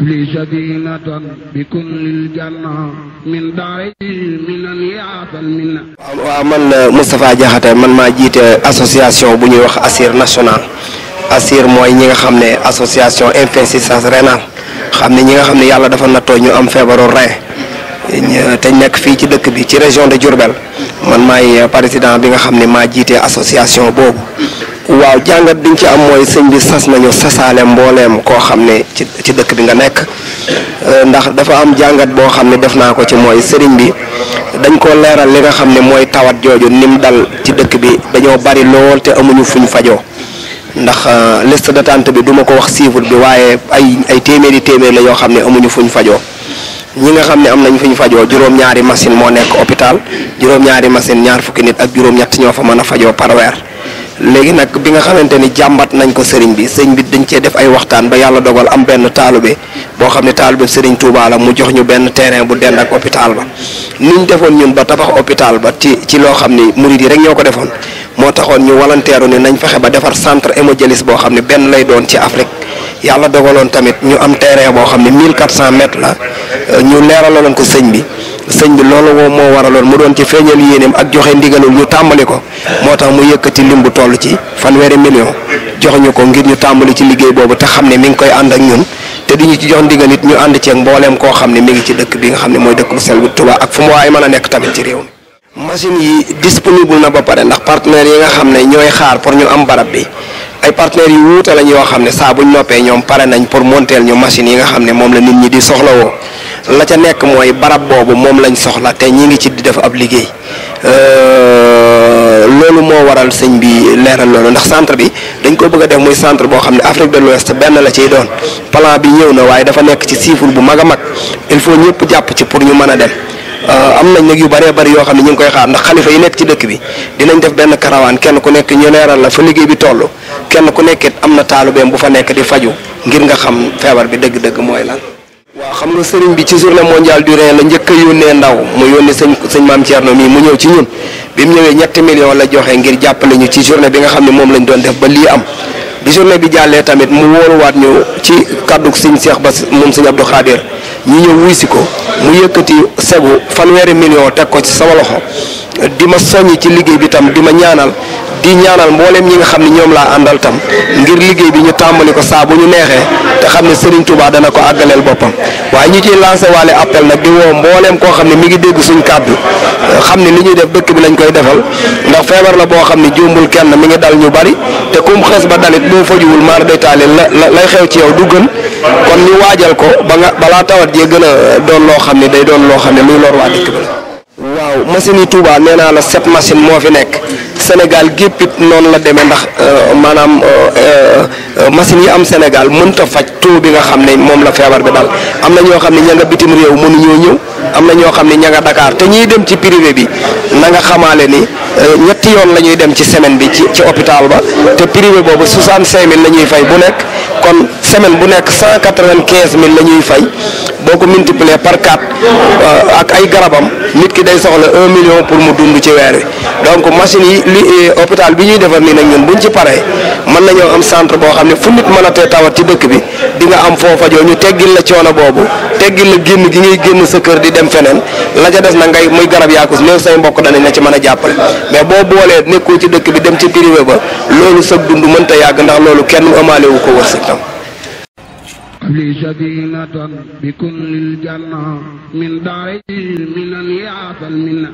لي سكينة بكل man euh, Moustapha Diakhaté man maa jiite association bu ñuy wax ASSIR national ASSIR mooy ñi nga xam ne association insuffisance rénale xam ne ñi nga xam ne yàlla dafa nattoo ñu am feebaru rein euh, te nekk fii ci dëkk bi ci région de Diourbel man maay euh, président bi nga xam ne maa jiite association boobu waaw jàngat bi ci am mooy sëñ bi sas nañu sasaale mbooleem koo xam ne ci ci dëkk bi nga nekk euh, ndax dafa am jàngat boo xam ne def naa ko ci mooy sëriñ bi dañ ko leeral li nga xam ne mooy tawat jooju nim dal ci dëkk bi dañoo bari lool te amuñu fuñ fajoo ndax euh, liste d'attente bi duma ko wax chiffre bi waaye ay ay téeméeri téeméer yoo xam ne amuñu fuñ fajoo ñi nga xam ne am nañ fi ñu fajoo juróom-ñaari machine moo nekk hôpital juróom-ñaari masin ñaar fukki nit ak juróom-ñett ñoo fa mën a fajoo par weer léegi nag bi nga xamante ni jàmbat nañ ko sëriñ bi sëñ bi dañ cee def ay waxtaan ba yàlla dogal am benn taalibe boo xam ne taalibe sëriñ Touba la mu jox ñu benn terrain bu dend ak hôpital ba ni ñu defoon ñun ba tabax hôpital ba ci ci loo xam ne murid yi rek ñoo ko defoon moo taxoon ñu walanteeru ni nañ fexe ba defar centre hémodialyse boo xam ne benn lay doon ci Afrique yàlla dogaloon tamit ñu am terrain boo xam ne 1400 mètres la euh, ñu leeralaloon ko sëñ bi sëñ bi loolu woo moo waraloon mu doon ci feeñal yéeneem ak joxe ndigalul ñu tàmbali ko moo tax mu yëkkati lim bu toll ci fanweeri million jox ñu ko ngir ñu tàmbali ci liggéey boobu te xam ne mi ngi koy ànd ak ñun te di ñu ci jox ndigal it ñu ànd ceeg mbooleem koo xam ne mi ngi ci dëkk bi nga xam ne mooy dëkk bu sel bu Tuubaa ak fu mu waaye mën a nekk tamit ci réew mi. machine yi disponible na ba pare ndax partenaires yi nga xam ne ñooy xaar pour ñu am barab bi. ay partenaires yu wuute lañ yoo xam ne saa buñ noppee ñoom pare nañ pour monteel ñu machines yi nga xam ne moom la nit ñi di soxlawoo la ca nekk mooy barab boobu moom lañ soxla te ñi ngi ci di def ab liggéey euh, loolu moo waral sëñ bi leeral loolu ndax centre bi dañ ko bëgg a def muy centre boo xam ne Afrique de l'Ouest benn la ciy doon plan bi ñëw na waaye dafa nekk ci siiful bu mag a mag il faut ñëpp jàpp ci pour ñu mën a dem euh, am nañ nag yu bare bëri yoo xam ne ñu ngi koy xaar ndax xalifa yi nekk ci dëkk bi dinañ def benn karawaan kenn ku nekk ñu leeral la fa liggéey bi toll kenn ku nekkit am na taalubeem bu fa nekk di faju ngir nga xam feebar bi dëgg-dëgg mooy lan. waaw xam nga sëriñ bi ci journée mondiale du rein la njëkk yónnee ndaw mu yónni sëñ sëñ maam Thierno mii mu ñëw ci ñun bi mu ñëwee ñetti million la joxe ngir jàppale ñu ci journée bi nga xam ne moom lañu doon def ba lii am bi journée bi jàllee tamit mu waat ñu ci kàddu sëñ Cheikh Bass moom sëñ Abdou Khadir ñu ñëw wuy si ko mu yëkkati segu fanweeri million teg ko ci sama loxo di ma soññ ci liggéey bi tam di ma ñaanal di ñaanal mbooleem ñi nga xam ne ñoom laa àndal tam ngir liggéey bi ñu tàmbali ko saa bu ñu neexee te xam ne Serigne Touba dana ko àggaleel boppam waaye ñi ci lancé waale appel nag di woo mbooleem koo xam ne mi ngi dégg suñ kàddu xam ne ni ñuy def bëkk bi lañ koy defal ndax feebar la boo xam ne jumbul kenn mi ngi dal ñu bari te kum xes ba dalit boo fajuwul maar day taale la lay xew ci yow du gën kon ñu waajal ko ba nga balaa tawat jee gën a doon loo xam ne day doon loo xam ne luy lor waa machine yi Touba nee naa la sept machine moo fi nekk Sénégal gépp it noonu la demee ndax euh, maanaam euh, euh, machine yu am Sénégal mënta faj taux bi nga xam ne moom la feebar bi dal am na ñoo xam ne ña nga bitim réew mënuñoo ñëw am na ñoo xam ne ña nga Dakar te ñiy dem ci privé bi na nga xamaale ni ñetti yoon la ñuy dem ci semaine bi ci ci hôpital ba te privé boobu 65000 la ñuy fay bu nekk. kon semaine bu nekk cent quatre-vingt-quinze mille la ñuy fay boo ko multiplier par quatre euh, ak ay garabam nit ki day soxla un million pour mu dund ci weer wi donc machine yi li euh, hôpital bi ñuy defar nii nag ñun ñu ci paree mën nañoo am centre boo xam ne fu nit mën a tee tawat ci dëkk bi di nga am foo fajoo ñu teggil la coono boobu teggil la génn gi ngay génn sa kër di dem feneen la ca des na ngay muy garab yaakus loolu say mbokk danañ na ci mën a jàppale mais boo boolee nekkoo ci dëkk bi dem ci privé ba loolu sa dund mënta yàgg ndax loolu kenn amaale wu ko wërsëg tam li sadinatan bi kun lil janna min daari minan yaatal minna